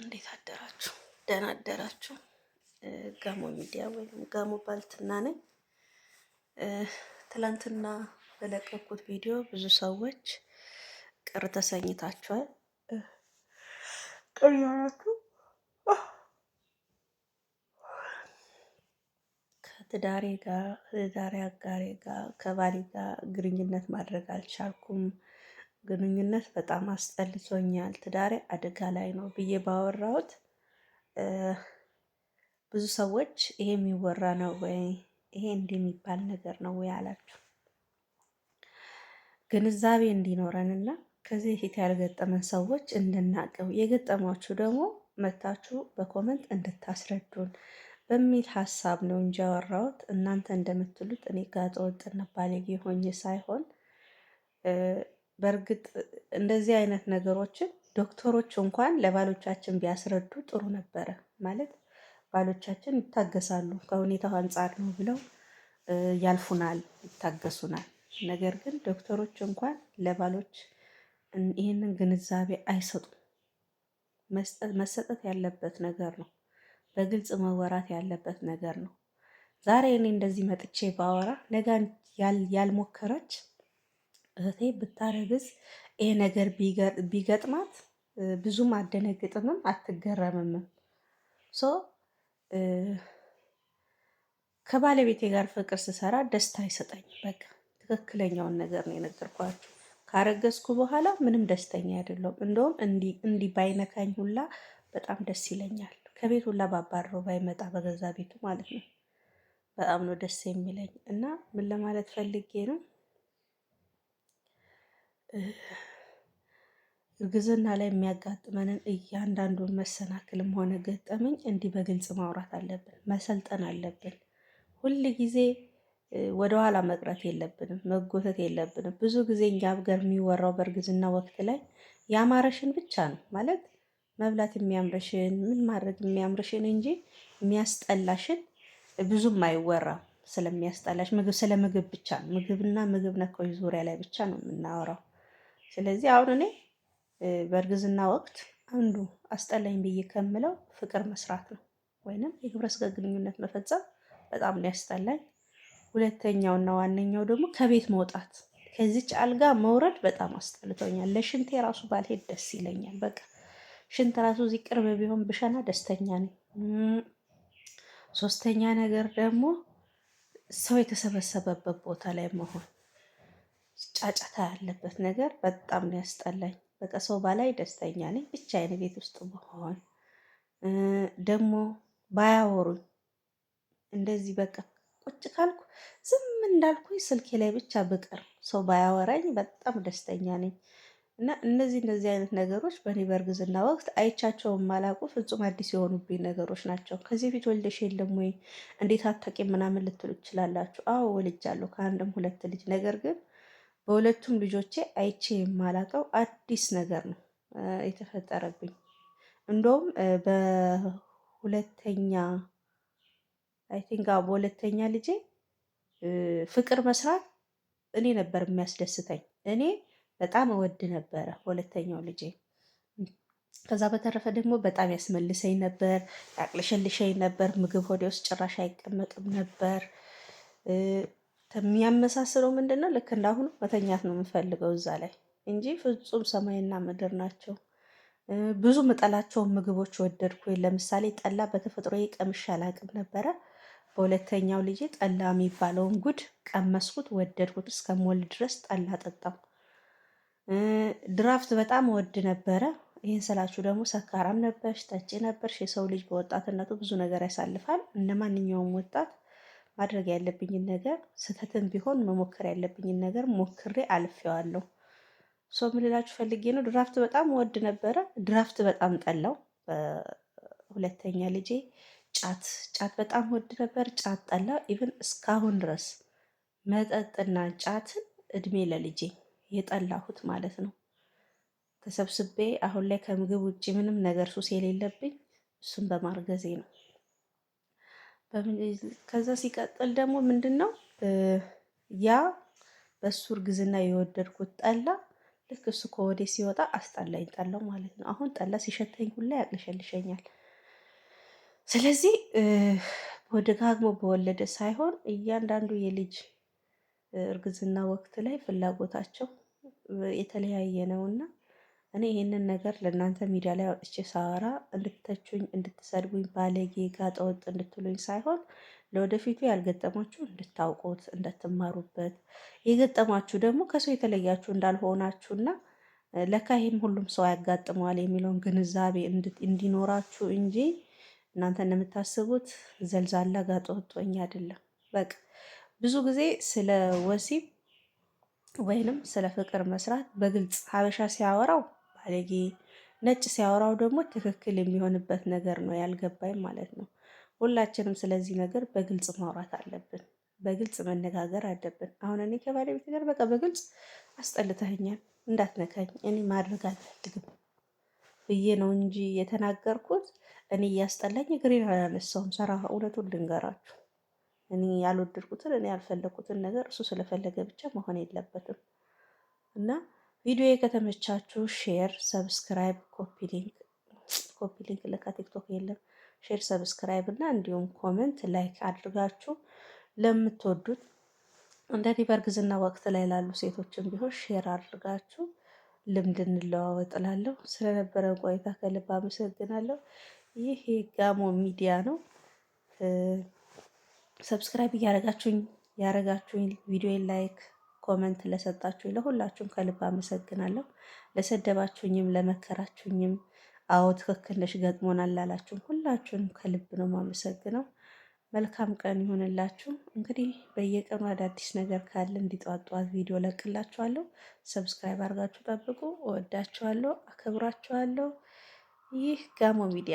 እንዴት አደራችሁ? ደህና አደራችሁ? ጋሞ ሚዲያ ወይም ጋሞ ባልትና ነኝ። ትላንትና በለቀኩት ቪዲዮ ብዙ ሰዎች ቅር ተሰኝታችኋል። ቅር ያላችሁ ከትዳሬ ጋር ትዳሬ አጋሬ ጋር ከባሌ ጋር ግንኙነት ማድረግ አልቻልኩም ግንኙነት በጣም አስጠልቶኛል፣ ትዳሬ አደጋ ላይ ነው ብዬ ባወራሁት ብዙ ሰዎች ይሄ የሚወራ ነው ወይ ይሄ እንዲህ የሚባል ነገር ነው ወይ አላችሁ። ግንዛቤ እንዲኖረንና ከዚህ ፊት ያልገጠመን ሰዎች እንድናቀው የገጠማችሁ ደግሞ መታችሁ በኮመንት እንድታስረዱን በሚል ሀሳብ ነው እንጂ ያወራሁት እናንተ እንደምትሉት እኔ ጋጠወጥ ባለጌ ሆኜ ሳይሆን በእርግጥ እንደዚህ አይነት ነገሮችን ዶክተሮች እንኳን ለባሎቻችን ቢያስረዱ ጥሩ ነበረ። ማለት ባሎቻችን ይታገሳሉ፣ ከሁኔታው አንጻር ነው ብለው ያልፉናል፣ ይታገሱናል። ነገር ግን ዶክተሮች እንኳን ለባሎች ይህንን ግንዛቤ አይሰጡም። መሰጠት ያለበት ነገር ነው። በግልጽ መወራት ያለበት ነገር ነው። ዛሬ እኔ እንደዚህ መጥቼ ባወራ ነገ ያልሞከረች እህቴ ብታረግዝ ይሄ ነገር ቢገጥማት ብዙም አደነግጥምም አትገረምምም። ሶ ከባለቤቴ ጋር ፍቅር ስሰራ ደስታ አይሰጠኝ። በቃ ትክክለኛውን ነገር ነው የነገርኳችሁ። ካረገዝኩ በኋላ ምንም ደስተኛ አይደለሁም። እንደውም እንዲህ ባይነካኝ ሁላ በጣም ደስ ይለኛል። ከቤት ሁላ ባባረው ባይመጣ በገዛ ቤቱ ማለት ነው። በጣም ነው ደስ የሚለኝ እና ምን ለማለት ፈልጌ ነው እርግዝና ላይ የሚያጋጥመንን እያንዳንዱን መሰናክልም ሆነ ገጠመኝ እንዲህ በግልጽ ማውራት አለብን። መሰልጠን አለብን። ሁል ጊዜ ወደኋላ መቅረት የለብንም። መጎተት የለብንም። ብዙ ጊዜ እኛ የሚወራው በእርግዝና ወቅት ላይ ያማረሽን ብቻ ነው ማለት መብላት የሚያምርሽን ምን ማድረግ የሚያምርሽን እንጂ የሚያስጠላሽን ብዙም አይወራም። ስለሚያስጠላሽ ምግብ ስለ ምግብ ብቻ ነው ምግብና ምግብ ነኮች ዙሪያ ላይ ብቻ ነው የምናወራው። ስለዚህ አሁን እኔ በእርግዝና ወቅት አንዱ አስጠላኝ ብዬ ከምለው ፍቅር መስራት ነው ወይንም የግብረ ስጋ ግንኙነት መፈጸም በጣም ነው ያስጠላኝ። ሁለተኛውና ዋነኛው ደግሞ ከቤት መውጣት ከዚች አልጋ መውረድ በጣም አስጠልቶኛል። ለሽንቴ ራሱ ባልሄድ ደስ ይለኛል። በቃ ሽንት ራሱ እዚህ ቅርብ ቢሆን ብሸና ደስተኛ ነኝ። ሶስተኛ ነገር ደግሞ ሰው የተሰበሰበበት ቦታ ላይ መሆን ጫጫታ ያለበት ነገር በጣም ነው ያስጠላኝ። በቃ ሰው ባላይ ደስተኛ ነኝ፣ ብቻዬን ቤት ውስጥ በሆን ደግሞ ባያወሩኝ እንደዚህ በቃ ቁጭ ካልኩ ዝም እንዳልኩኝ ስልኬ ላይ ብቻ ብቅር ሰው ባያወራኝ በጣም ደስተኛ ነኝ። እና እነዚህ እነዚህ አይነት ነገሮች በእኔ በእርግዝና ወቅት አይቻቸው ማላቁ ፍጹም አዲስ የሆኑብኝ ነገሮች ናቸው። ከዚህ ፊት ወልደሽ የለም ወይ እንዴት አታውቂም ምናምን ልትሉ ትችላላችሁ። አዎ ወልጃለሁ፣ ከአንድም ሁለት ልጅ ነገር ግን በሁለቱም ልጆቼ አይቼ የማላቀው አዲስ ነገር ነው የተፈጠረብኝ። እንደውም በሁለተኛ አይ ቲንክ በሁለተኛ ልጄ ፍቅር መስራት እኔ ነበር የሚያስደስተኝ። እኔ በጣም እወድ ነበረ ሁለተኛው ልጄ። ከዛ በተረፈ ደግሞ በጣም ያስመልሰኝ ነበር፣ ያቅለሸልሸኝ ነበር። ምግብ ሆዴ ውስጥ ጭራሽ አይቀመጥም ነበር። የሚያመሳስለው ምንድን ነው? ልክ እንዳሁኑ መተኛት ነው የምፈልገው እዛ ላይ እንጂ ፍጹም ሰማይና ምድር ናቸው። ብዙ ምጠላቸውን ምግቦች ወደድኩ። ለምሳሌ ጠላ በተፈጥሮ ቀምሼ አላቅም ነበረ። በሁለተኛው ልጄ ጠላ የሚባለውን ጉድ ቀመስኩት፣ ወደድኩት። እስከምወልድ ድረስ ጠላ ጠጣው። ድራፍት በጣም ወድ ነበረ። ይህን ስላችሁ ደግሞ ሰካራም ነበርሽ፣ ጠጪ ነበርሽ። የሰው ልጅ በወጣትነቱ ብዙ ነገር ያሳልፋል እንደ ማንኛውም ወጣት ማድረግ ያለብኝን ነገር ስህተትም ቢሆን መሞከር ያለብኝን ነገር ሞክሬ አልፌዋለሁ። ሶ ምን ፈልጌ ነው፣ ድራፍት በጣም ወድ ነበረ። ድራፍት በጣም ጠላው። ሁለተኛ ልጄ ጫት ጫት በጣም ወድ ነበር። ጫት ጠላ። ኢቭን እስካሁን ድረስ መጠጥና ጫትን እድሜ ለልጄ የጠላሁት ማለት ነው። ተሰብስቤ አሁን ላይ ከምግብ ውጭ ምንም ነገር ሱስ የሌለብኝ እሱን በማርገዜ ነው። ከዛ ሲቀጥል ደግሞ ምንድን ነው ያ በእሱ እርግዝና የወደድኩት ጠላ ልክ እሱ ከወዴ ሲወጣ አስጠላኝ፣ ጠላው ማለት ነው። አሁን ጠላ ሲሸተኝ ሁላ ያቅለሸልሸኛል። ስለዚህ በደጋግሞ በወለደ ሳይሆን እያንዳንዱ የልጅ እርግዝና ወቅት ላይ ፍላጎታቸው የተለያየ ነውና እኔ ይህንን ነገር ለእናንተ ሚዲያ ላይ አውጥቼ ሳወራ እንድትተቹኝ፣ እንድትሰድቡኝ፣ ባለጌ ጋጠወጥ እንድትሉኝ ሳይሆን ለወደፊቱ ያልገጠማችሁ እንድታውቁት፣ እንደትማሩበት የገጠማችሁ ደግሞ ከሰው የተለያችሁ እንዳልሆናችሁና ለካ ይህም ሁሉም ሰው ያጋጥመዋል የሚለውን ግንዛቤ እንዲኖራችሁ እንጂ እናንተ እንደምታስቡት ዘልዛላ ጋጠወጥ ወኝ አይደለም። በቃ ብዙ ጊዜ ስለ ወሲብ ወይንም ስለ ፍቅር መስራት በግልጽ ሀበሻ ሲያወራው ባለጌ፣ ነጭ ሲያወራው ደግሞ ትክክል የሚሆንበት ነገር ነው ያልገባኝ ማለት ነው። ሁላችንም ስለዚህ ነገር በግልጽ ማውራት አለብን። በግልጽ መነጋገር አለብን። አሁን እኔ ከባለቤት ጋር በቃ በግልጽ አስጠልተኸኛል፣ እንዳትነካኝ፣ እኔ ማድረግ አልፈልግም ብዬ ነው እንጂ የተናገርኩት። እኔ እያስጠላኝ እግሬን አላነሳውም። ሰራ እውነቱን ልንገራችሁ፣ እኔ ያልወደድኩትን እኔ ያልፈለግኩትን ነገር እሱ ስለፈለገ ብቻ መሆን የለበትም እና ቪዲዮ ከተመቻችሁ ሼር፣ ሰብስክራይብ፣ ኮፒ ሊንክ ኮፒ ሊንክ ለካ ቲክቶክ የለም። ሼር ሰብስክራይብ እና እንዲሁም ኮመንት ላይክ አድርጋችሁ ለምትወዱት እንደዚህ በእርግዝና ወቅት ላይ ላሉ ሴቶችን ቢሆን ሼር አድርጋችሁ ልምድ እንለዋወጥላለሁ። ስለነበረ ቆይታ ከልብ አመሰግናለሁ። ይህ የጋሞ ሚዲያ ነው። ሰብስክራይብ እያረጋችሁኝ ያረጋችሁኝ ቪዲዮ ላይክ ኮመንት ለሰጣችሁ ለሁላችሁም ከልብ አመሰግናለሁ። ለሰደባችሁኝም ለመከራችሁኝም፣ አዎ ትክክል ነሽ ገጥሞናል ላላችሁም ሁላችሁንም ከልብ ነው የማመሰግነው። መልካም ቀን ይሁንላችሁ። እንግዲህ በየቀኑ አዳዲስ ነገር ካለ እንዲጧጧት ቪዲዮ ለቅላችኋለሁ። ሰብስክራይብ አድርጋችሁ ጠብቁ። እወዳችኋለሁ፣ አከብራችኋለሁ። ይህ ጋሞ ሚዲያ